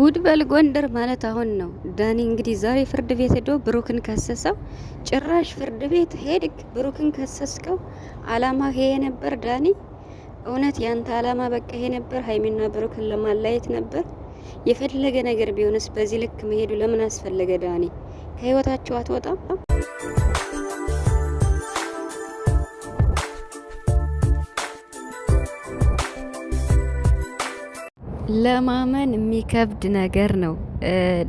ጉድ በል ጎንደር ማለት አሁን ነው። ዳኒ እንግዲህ ዛሬ ፍርድ ቤት ሄዶ ብሩክን ከሰሰው። ጭራሽ ፍርድ ቤት ሄድክ ብሩክን ከሰስከው። አላማ ይሄ ነበር ዳኒ? እውነት ያንተ አላማ በቃ ይሄ ነበር? ሀይሚና ብሩክን ለማላየት ነበር? የፈለገ ነገር ቢሆንስ በዚህ ልክ መሄዱ ለምን አስፈለገ ዳኒ? ከህይወታቸው አትወጣም? ለማመን የሚከብድ ነገር ነው።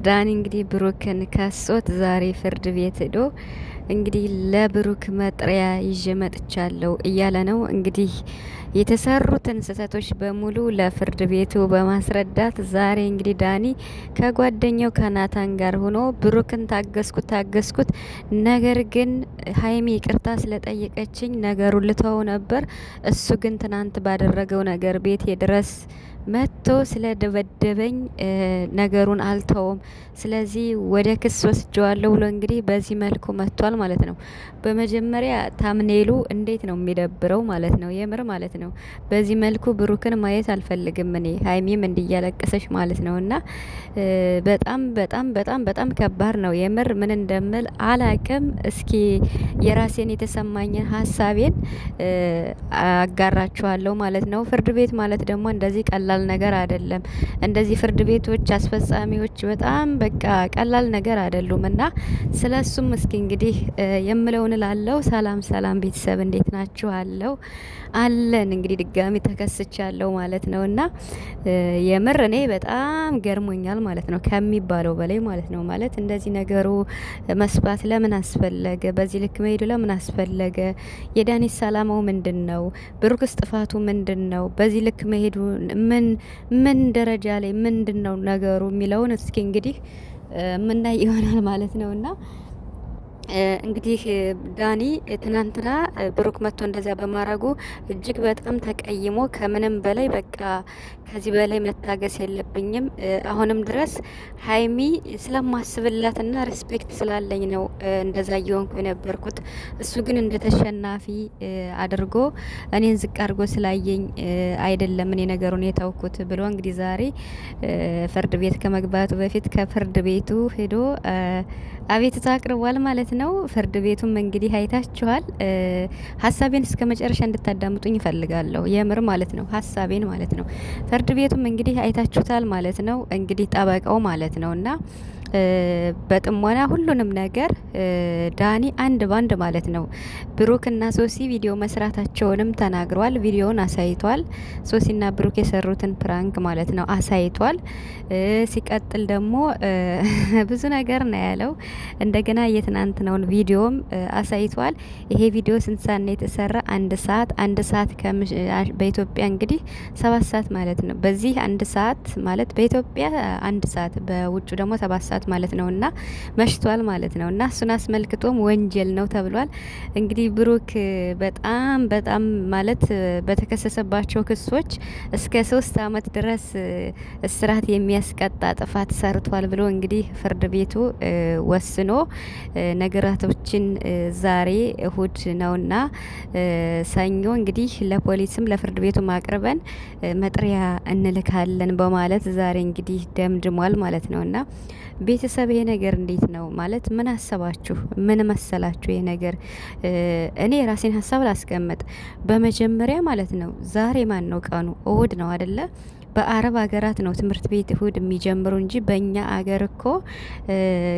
ዳኒ እንግዲህ ብሩክን ከሶት ዛሬ ፍርድ ቤት ሄዶ እንግዲህ ለብሩክ መጥሪያ ይዤ መጥቻለሁ እያለ ነው። እንግዲህ የተሰሩትን ስህተቶች በሙሉ ለፍርድ ቤቱ በማስረዳት ዛሬ እንግዲህ ዳኒ ከጓደኛው ከናታን ጋር ሆኖ ብሩክን ታገስኩት ታገስኩት፣ ነገር ግን ሀይሚ ይቅርታ ስለጠየቀችኝ ነገሩ ልተው ነበር። እሱ ግን ትናንት ባደረገው ነገር ቤቴ ድረስ መጥቶ ስለደበደበኝ ነገሩን አልተውም፣ ስለዚህ ወደ ክስ ወስጀዋለሁ ብሎ እንግዲህ በዚህ መልኩ መጥቷል ማለት ነው። በመጀመሪያ ታምኔሉ እንዴት ነው የሚደብረው ማለት ነው፣ የምር ማለት ነው። በዚህ መልኩ ብሩክን ማየት አልፈልግም እኔ ሀይሚም እንዲያለቀሰች ማለት ነው። እና በጣም በጣም በጣም በጣም ከባድ ነው የምር ምን እንደምል አላቅም። እስኪ የራሴን የተሰማኝን ሀሳቤን አጋራችኋለሁ ማለት ነው። ፍርድ ቤት ማለት ደግሞ እንደዚህ ቀላል ቀላል ነገር አይደለም። እንደዚህ ፍርድ ቤቶች፣ አስፈጻሚዎች በጣም በቃ ቀላል ነገር አይደሉም እና ስለ እሱም እስኪ እንግዲህ የምለውን ላለው። ሰላም ሰላም ቤተሰብ እንዴት ናችሁ? አለው አለን እንግዲህ ድጋሚ ተከስቻለሁ ማለት ነው እና የምር እኔ በጣም ገርሞኛል ማለት ነው ከሚባለው በላይ ማለት ነው። ማለት እንደዚህ ነገሩ መስፋት ለምን አስፈለገ? በዚህ ልክ መሄዱ ለምን አስፈለገ? የዳኒስ ሰላማው ምንድን ነው? ብሩክስ ጥፋቱ ምንድን ነው? በዚህ ልክ መሄዱ ምን ምን ደረጃ ላይ ምንድን ነው ነገሩ የሚለውን እስኪ እንግዲህ የምናይ ይሆናል ማለት ነው እና እንግዲህ ዳኒ ትናንትና ብሩክ መጥቶ እንደዚያ በማድረጉ እጅግ በጣም ተቀይሞ ከምንም በላይ በቃ ከዚህ በላይ መታገስ የለብኝም አሁንም ድረስ ሀይሚ ስለማስብላትና ሪስፔክት ስላለኝ ነው እንደዛ እየሆንኩ የነበርኩት። እሱ ግን እንደ ተሸናፊ አድርጎ እኔን ዝቅ አድርጎ ስላየኝ አይደለም እኔ ነገሩን የተውኩት ብሎ እንግዲህ ዛሬ ፍርድ ቤት ከመግባቱ በፊት ከፍርድ ቤቱ ሄዶ አቤቱታ አቅርቧል ማለት ነው። ፍርድ ቤቱም እንግዲህ አይታችኋል። ሀሳቤን እስከ መጨረሻ እንድታዳምጡኝ ይፈልጋለሁ። የምር ማለት ነው፣ ሀሳቤን ማለት ነው። ፍርድ ቤቱም እንግዲህ አይታችሁታል ማለት ነው። እንግዲህ ጠበቃው ማለት ነው እና በጥሞና ሁሉንም ነገር ዳኒ አንድ ባንድ ማለት ነው። ብሩክና ሶሲ ቪዲዮ መስራታቸውንም ተናግሯል። ቪዲዮውን አሳይቷል። ሶሲና ብሩክ የሰሩትን ፕራንክ ማለት ነው አሳይቷል። ሲቀጥል ደግሞ ብዙ ነገር ነው ያለው። እንደገና የትናንትናውን ቪዲዮም አሳይቷል። ይሄ ቪዲዮ ስንት ሰዓት ነው የተሰራ? አንድ ሰዓት አንድ ሰዓት በኢትዮጵያ እንግዲህ ሰባት ሰዓት ማለት ነው። በዚህ አንድ ሰዓት ማለት በኢትዮጵያ አንድ ሰዓት በውጭ ደግሞ ሰባት ሰዓት ሰዓት ማለት ነው እና መሽቷል ማለት ነው እና እሱን አስመልክቶም ወንጀል ነው ተብሏል። እንግዲህ ብሩክ በጣም በጣም ማለት በተከሰሰባቸው ክሶች እስከ ሶስት አመት ድረስ እስራት የሚያስቀጣ ጥፋት ሰርቷል ብሎ እንግዲህ ፍርድ ቤቱ ወስኖ ነገራቶችን ዛሬ እሁድ ነውና ሰኞ እንግዲህ ለፖሊስም ለፍርድ ቤቱም አቅርበን መጥሪያ እንልካለን በማለት ዛሬ እንግዲህ ደምድሟል ማለት ነውና ቤተሰብ ይሄ ነገር እንዴት ነው ማለት ምን አሰባችሁ? ምን መሰላችሁ? ይሄ ነገር እኔ የራሴን ሀሳብ ላስቀምጥ። በመጀመሪያ ማለት ነው ዛሬ ማን ነው ቀኑ? እሁድ ነው አደለ? በአረብ ሀገራት ነው ትምህርት ቤት እሁድ የሚጀምሩ እንጂ በእኛ አገር እኮ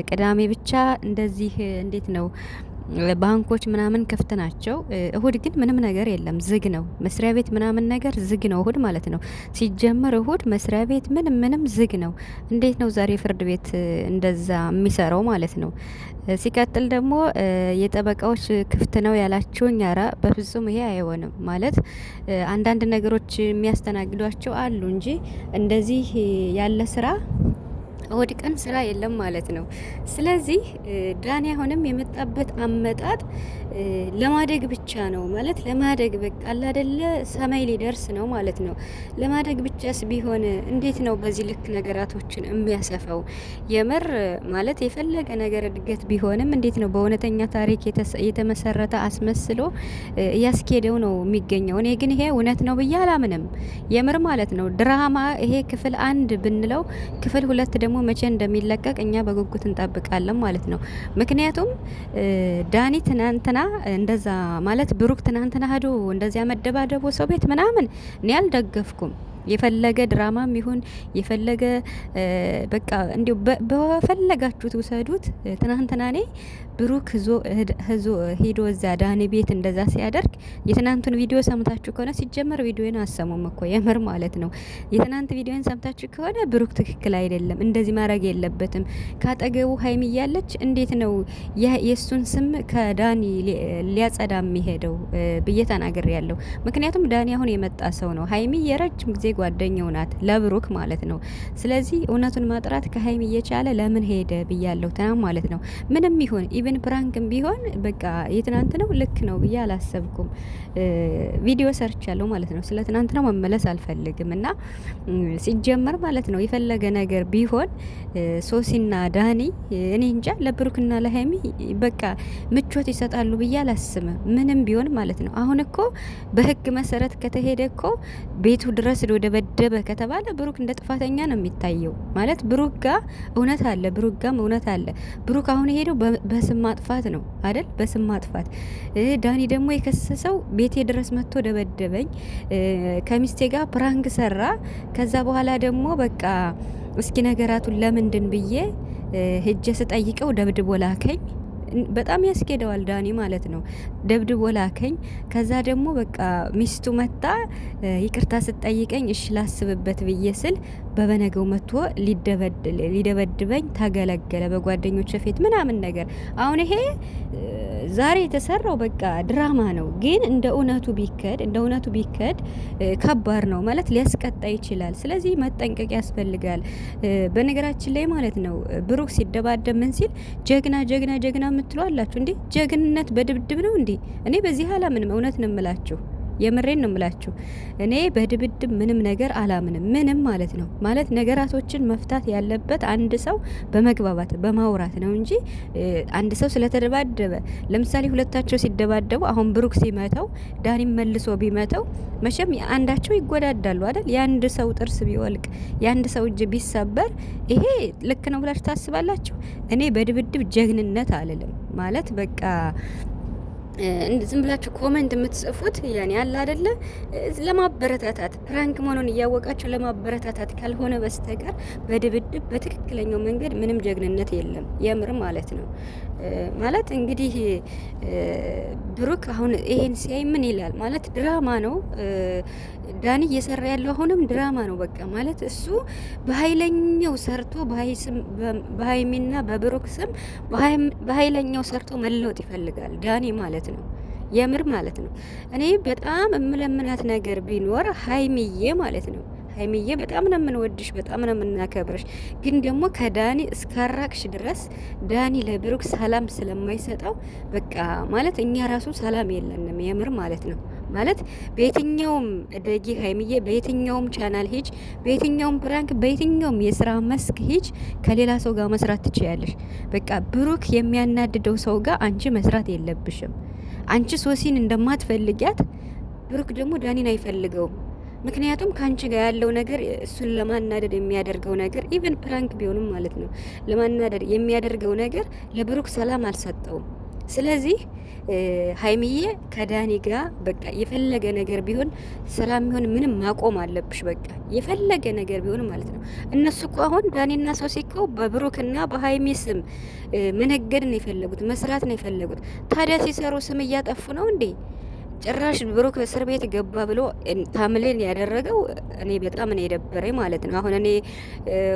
ቅዳሜ ብቻ እንደዚህ እንዴት ነው ባንኮች ምናምን ክፍት ናቸው። እሁድ ግን ምንም ነገር የለም፣ ዝግ ነው። መስሪያ ቤት ምናምን ነገር ዝግ ነው እሁድ ማለት ነው። ሲጀመር እሁድ መስሪያ ቤት ምንም ምንም ዝግ ነው። እንዴት ነው ዛሬ ፍርድ ቤት እንደዛ የሚሰራው ማለት ነው? ሲቀጥል ደግሞ የጠበቃዎች ክፍት ነው ያላችሁኝ፣ ኧረ በፍጹም ይሄ አይሆንም። ማለት አንዳንድ ነገሮች የሚያስተናግዷቸው አሉ እንጂ እንደዚህ ያለ ስራ እሁድ ቀን ስራ የለም ማለት ነው። ስለዚህ ዳኒ አሁንም የመጣበት አመጣጥ ለማደግ ብቻ ነው ማለት ለማደግ በቃ አይደለ ሰማይ ሊደርስ ነው ማለት ነው። ለማደግ ብቻስ ቢሆን እንዴት ነው በዚህ ልክ ነገራቶችን የሚያሰፈው? የምር ማለት የፈለገ ነገር እድገት ቢሆንም እንዴት ነው በእውነተኛ ታሪክ የተመሰረተ አስመስሎ እያስኬደው ነው የሚገኘው። እኔ ግን ይሄ እውነት ነው ብዬ አላምንም። የምር ማለት ነው ድራማ ይሄ ክፍል አንድ ብንለው ክፍል ሁለት ደግሞ መቼ እንደሚለቀቅ እኛ በጉጉት እንጠብቃለን ማለት ነው። ምክንያቱም ዳኒ ትናንትና እንደዛ ማለት ብሩክ ትናንትና ሄዶ እንደዚያ መደባደቦ ሰው ቤት ምናምን እኔ አልደገፍኩም። የፈለገ ድራማም ይሁን የፈለገ በቃ እንዲሁ በፈለጋችሁት ውሰዱት። ትናንትና እኔ ብሩክ ህዞ ሄዶ እዛ ዳኒ ቤት እንደዛ ሲያደርግ የትናንቱን ቪዲዮ ሰምታችሁ ከሆነ ሲጀመር ቪዲዮን አሰሙም እኮ የምር ማለት ነው። የትናንት ቪዲዮን ሰምታችሁ ከሆነ ብሩክ ትክክል አይደለም፣ እንደዚህ ማድረግ የለበትም። ካጠገቡ ሀይሚ እያለች እንዴት ነው የእሱን ስም ከዳኒ ሊያጸዳ የሚሄደው ብዬ ተናግሬ ያለው። ምክንያቱም ዳኒ አሁን የመጣ ሰው ነው። ሀይሚ የረጅም ጊዜ ጓደኛው ናት ለብሩክ ማለት ነው። ስለዚህ እውነቱን ማጥራት ከሀይሚ እየቻለ ለምን ሄደ ብያለሁ ትናንት ማለት ነው። ምንም ይሁን ኢቭን ፕራንክም ቢሆን በቃ የትናንት ነው ልክ ነው ብዬ አላሰብኩም። ቪዲዮ ሰርቻለሁ ማለት ነው። ስለ ትናንት ነው መመለስ አልፈልግም እና ሲጀመር ማለት ነው የፈለገ ነገር ቢሆን ሶሲና ዳኒ እኔ እንጃ ለብሩክና ለሀይሚ በቃ ምቾት ይሰጣሉ ብዬ አላስብም። ምንም ቢሆን ማለት ነው። አሁን እኮ በህግ መሰረት ከተሄደ እኮ ቤቱ ድረስ ወደ ደበደበ ከተባለ ብሩክ እንደ ጥፋተኛ ነው የሚታየው። ማለት ብሩክ ጋ እውነት አለ፣ ብሩክ ጋም እውነት አለ። ብሩክ አሁን የሄደው በስም ማጥፋት ነው አይደል? በስም ማጥፋት። ዳኒ ደግሞ የከሰሰው ቤቴ ድረስ መጥቶ ደበደበኝ፣ ከሚስቴ ጋር ፕራንክ ሰራ፣ ከዛ በኋላ ደግሞ በቃ እስኪ ነገራቱን ለምንድን ብዬ ሄጄ ስጠይቀው ደብድቦ ላከኝ። በጣም ያስኬደዋል ዳኒ ማለት ነው። ደብድቦ ላከኝ። ከዛ ደግሞ በቃ ሚስቱ መጣ ይቅርታ ስጠይቀኝ እሽ ላስብበት ብዬ ስል በበነገው መጥቶ ሊደበድበኝ ተገለገለ በጓደኞች ፊት ምናምን ነገር። አሁን ይሄ ዛሬ የተሰራው በቃ ድራማ ነው፣ ግን እንደ እውነቱ ቢከድ እንደ እውነቱ ቢከድ ከባድ ነው ማለት ሊያስቀጣ ይችላል። ስለዚህ መጠንቀቅ ያስፈልጋል። በነገራችን ላይ ማለት ነው ብሩክ ሲደባደብ ምን ሲል ጀግና ጀግና ጀግና የምትሉ አላችሁ እንዴ? ጀግንነት በድብድብ ነው እንዴ? እንዴ? እኔ በዚህ አላምንም። እውነት ነው የምላችሁ፣ የምሬን ነው የምላችሁ። እኔ በድብድብ ምንም ነገር አላምንም። ምንም ማለት ነው ማለት ነገራቶችን መፍታት ያለበት አንድ ሰው በመግባባት በማውራት ነው እንጂ አንድ ሰው ስለተደባደበ፣ ለምሳሌ ሁለታቸው ሲደባደቡ አሁን ብሩክ ሲመተው ዳኒም መልሶ ቢመተው መቼም አንዳቸው ይጎዳዳሉ አይደል? የአንድ ሰው ጥርስ ቢወልቅ የአንድ ሰው እጅ ቢሰበር ይሄ ልክ ነው ብላችሁ ታስባላችሁ? እኔ በድብድብ ጀግንነት አልልም ማለት በቃ ዝም ብላችሁ ኮመንት የምትጽፉት ያን ያለ አደለ፣ ለማበረታታት ፕራንክ መሆኑን እያወቃችሁ ለማበረታታት ካልሆነ በስተቀር በድብድብ በትክክለኛው መንገድ ምንም ጀግንነት የለም። የምር ማለት ነው። ማለት እንግዲህ ብሩክ አሁን ይሄን ሲያይ ምን ይላል? ማለት ድራማ ነው ዳኒ እየሰራ ያለው አሁንም ድራማ ነው። በቃ ማለት እሱ በኃይለኛው ሰርቶ በሀይሚና በብሩክ ስም በኃይለኛው ሰርቶ መለወጥ ይፈልጋል ዳኒ ማለት ነው። ነው። የምር ማለት ነው። እኔ በጣም የምለምናት ነገር ቢኖር ሀይሚዬ ማለት ነው። ሀይሚዬ በጣም ነው የምንወድሽ፣ በጣም ነው የምናከብረሽ። ግን ደግሞ ከዳኒ እስካራቅሽ ድረስ ዳኒ ለብሩክ ሰላም ስለማይሰጠው በቃ ማለት እኛ ራሱ ሰላም የለንም። የምር ማለት ነው። ማለት በየትኛውም እደጊ ሀይሚዬ፣ በየትኛውም ቻናል ሂጅ፣ በየትኛውም ፕራንክ፣ በየትኛውም የስራ መስክ ሂጅ፣ ከሌላ ሰው ጋር መስራት ትችያለሽ። በቃ ብሩክ የሚያናድደው ሰው ጋር አንቺ መስራት የለብሽም። አንቺ ሶሲን እንደማትፈልጊያት ብሩክ ደግሞ ዳኒን አይፈልገውም። ምክንያቱም ከአንቺ ጋር ያለው ነገር እሱን ለማናደድ የሚያደርገው ነገር ኢቨን ፕራንክ ቢሆንም ማለት ነው ለማናደድ የሚያደርገው ነገር ለብሩክ ሰላም አልሰጠውም። ስለዚህ ሀይሚዬ ከዳኒ ጋር በቃ የፈለገ ነገር ቢሆን ስራ የሚሆን ምንም ማቆም አለብሽ። በቃ የፈለገ ነገር ቢሆን ማለት ነው። እነሱ እኮ አሁን ዳኒና ሰው ሲከው በብሩክና በሀይሚ ስም መነገድ ነው የፈለጉት፣ መስራት ነው የፈለጉት። ታዲያ ሲሰሩ ስም እያጠፉ ነው እንዴ? ጭራሽ ብሩክ እስር ቤት ገባ ብሎ ታምሌን ያደረገው እኔ በጣም ነው የደበረኝ ማለት ነው። አሁን እኔ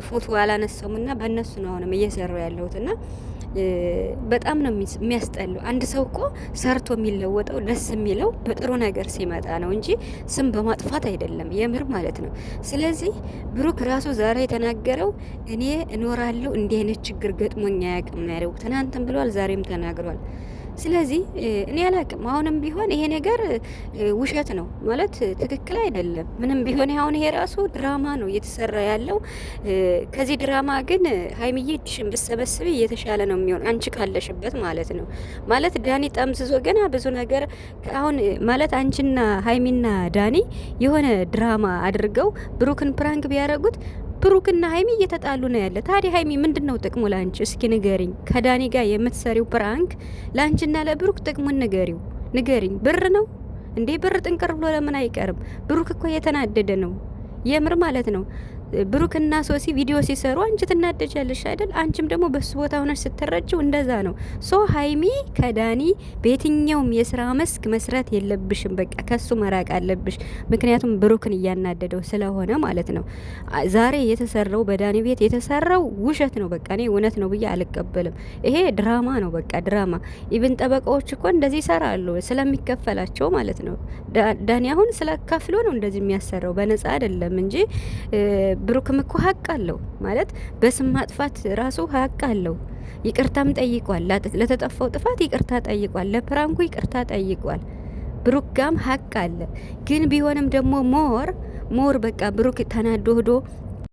ፎቶ አላነሳውም እና በእነሱ ነው አሁንም እየሰሩ ያለሁት እና በጣም ነው የሚያስጠላው። አንድ ሰው እኮ ሰርቶ የሚለወጠው ደስ የሚለው በጥሩ ነገር ሲመጣ ነው እንጂ ስም በማጥፋት አይደለም፣ የምር ማለት ነው። ስለዚህ ብሩክ ራሱ ዛሬ የተናገረው እኔ እኖራለሁ እንዲህ አይነት ችግር ገጥሞኝ አያውቅም ነው ያለው። ትናንትም ብሏል፣ ዛሬም ተናግሯል። ስለዚህ እኔ አላቅም። አሁንም ቢሆን ይሄ ነገር ውሸት ነው ማለት ትክክል አይደለም። ምንም ቢሆን አሁን ይሄ ራሱ ድራማ ነው እየተሰራ ያለው። ከዚህ ድራማ ግን ሀይሚዬ እጅሽን ብትሰበስቢ እየተሻለ ነው የሚሆን አንቺ ካለሽበት ማለት ነው። ማለት ዳኒ ጠምዝዞ ገና ብዙ ነገር አሁን ማለት አንቺና ሀይሚና ዳኒ የሆነ ድራማ አድርገው ብሩክን ፕራንክ ቢያደርጉት ብሩክና ሀይሚ እየተጣሉ ነው ያለ። ታዲያ ሀይሚ ምንድን ነው ጥቅሙ ለአንቺ? እስኪ ንገሪኝ። ከዳኒ ጋር የምትሰሪው ፕራንክ ለአንቺና ለብሩክ ጥቅሙን ንገሪው፣ ንገሪኝ። ብር ነው እንዴ? ብር ጥንቅር ብሎ ለምን አይቀርም? ብሩክ እኮ እየተናደደ ነው የምር ማለት ነው። ብሩክና ሶሲ ቪዲዮ ሲሰሩ አንቺ ትናደጃለሽ አይደል? አንቺም ደግሞ በሱ ቦታ ሆነሽ ስትረጅው እንደዛ ነው። ሶ ሀይሚ ከዳኒ በየትኛውም የስራ መስክ መስራት የለብሽም። በቃ ከሱ መራቅ አለብሽ። ምክንያቱም ብሩክን እያናደደው ስለሆነ ማለት ነው። ዛሬ የተሰራው በዳኒ ቤት የተሰራው ውሸት ነው። በቃ እኔ እውነት ነው ብዬ አልቀበልም። ይሄ ድራማ ነው። በቃ ድራማ። ኢቭን ጠበቃዎች እኮ እንደዚህ ይሰራሉ ስለሚከፈላቸው ማለት ነው። ዳኒ አሁን ስለከፍሎ ነው እንደዚህ የሚያሰራው፣ በነጻ አይደለም እንጂ ብሩክም እኮ ሀቅ አለው ማለት በስም ማጥፋት ራሱ ሀቅ አለው። ይቅርታም ጠይቋል። ለተጠፋው ጥፋት ይቅርታ ጠይቋል። ለፕራንኩ ይቅርታ ጠይቋል። ብሩክ ጋም ሀቅ አለ። ግን ቢሆንም ደግሞ ሞር ሞር በቃ ብሩክ ተናዶ ህዶ